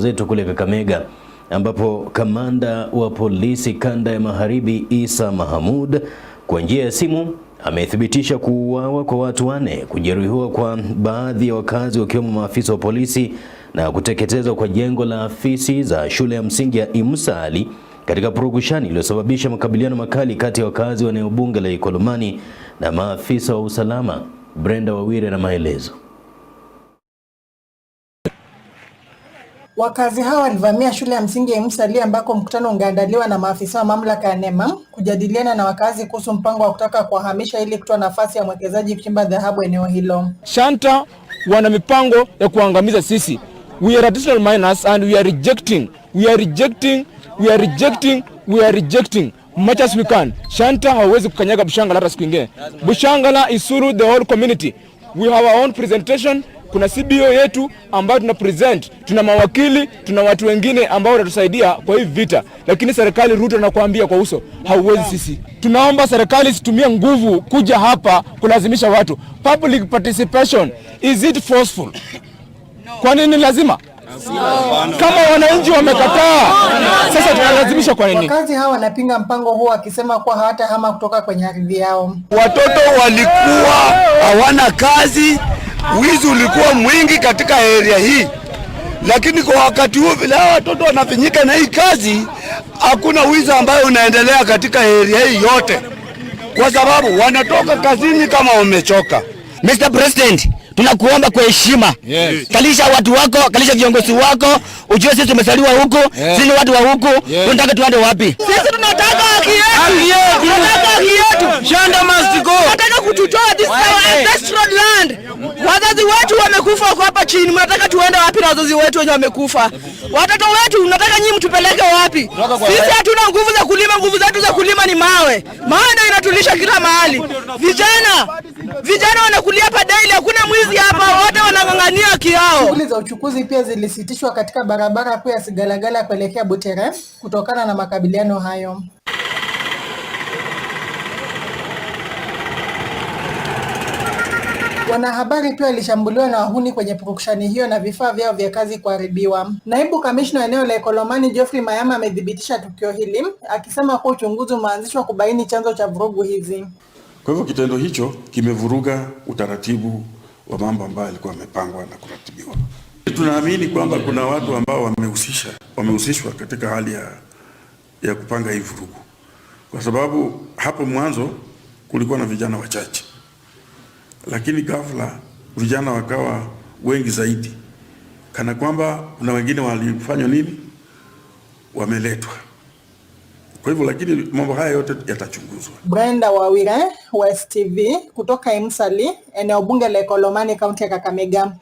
zetu kule Kakamega ambapo kamanda wa polisi kanda ya Magharibi Isa Mahamud kwa njia ya simu amethibitisha kuuawa kwa watu wanne, kujeruhiwa kwa baadhi ya wakazi wakiwemo maafisa wa polisi na kuteketezwa kwa jengo la afisi za shule ya msingi ya Imsali katika purukushani iliyosababisha makabiliano makali kati ya wakazi wa eneo bunge la Ikolomani na maafisa wa usalama. Brenda Wawire na maelezo. Wakazi hawa walivamia shule ya msingi ya Msali ambako mkutano ungeandaliwa na maafisa wa mamlaka ya NEMA kujadiliana na wakazi kuhusu mpango wa kutaka kuwahamisha ili kutoa nafasi ya mwekezaji kuchimba dhahabu eneo hilo. Shanta wana mipango ya kuangamiza sisi. We are traditional miners and we are rejecting. We are rejecting. We are rejecting. We are rejecting. Much as we can. Shanta hawawezi kukanyaga Bushangala hata siku ingine. Bushangala Isuru the whole community. We have our own presentation kuna CBO yetu ambayo tuna present, tuna mawakili, tuna watu wengine ambao watatusaidia kwa hii vita, lakini serikali, Ruto anakuambia kwa uso, hauwezi. Sisi tunaomba serikali situmie nguvu kuja hapa kulazimisha watu. Public participation is it forceful? Kwa nini lazima kama wananchi wamekataa, sasa tunalazimisha kwa nini? Wakazi hawa wanapinga mpango huo wakisema kuwa hawatahama kutoka kwenye ardhi yao. Watoto walikuwa hawana kazi, wizi ulikuwa mwingi katika area hii, lakini kwa wakati huu vile watoto wanafinyika na hii kazi, hakuna wizi ambayo unaendelea katika area hii yote, kwa sababu wanatoka kazini kama wamechoka. Mr. President, tunakuomba kwa heshima yes. Kalisha watu wako, kalisha viongozi wako, ujue sisi tumesaliwa huku yes. Sisi watu wa huku yes. Tunataka tuende wapi? Sisi tunataka haki yetu. Haki yetu. Tunataka haki yetu. Shanda must go. Tunataka kututoa Lord land. Wazazi wetu wamekufa wako hapa chini, mnataka tuende wapi na wazazi wetu wenye wamekufa? Watoto wetu mnataka nyinyi mtupeleke wapi? Sisi hatuna nguvu za kulima, nguvu zetu za kulima ni mawe. Mawe ndio inatulisha kila mahali. Vijana vijana wanakulia hapa daily, hakuna mwizi hapa, wote wanang'ang'ania haki yao. Shughuli za uchukuzi pia zilisitishwa katika barabara kuu ya Sigalagala kuelekea Butere kutokana na makabiliano hayo. Wanahabari pia walishambuliwa na wahuni kwenye purukushani hiyo na vifaa vyao vya kazi kuharibiwa. Naibu kamishna wa eneo la Ikolomani Geoffrey Mayama amethibitisha tukio hili akisema kuwa uchunguzi umeanzishwa kubaini chanzo cha vurugu hizi. Kwa hivyo kitendo hicho kimevuruga utaratibu wa mambo ambayo yalikuwa yamepangwa na kuratibiwa. Tunaamini kwamba kuna watu ambao wamehusisha wamehusishwa katika hali ya, ya kupanga hii vurugu, kwa sababu hapo mwanzo kulikuwa na vijana wachache lakini ghafla vijana wakawa wengi zaidi, kana kwamba kuna wengine walifanywa nini, wameletwa kwa hivyo. Lakini mambo haya yote yatachunguzwa. Brenda Wawire, West TV, kutoka Emsali, eneo bunge la Ikolomani, kaunti ya Kakamega.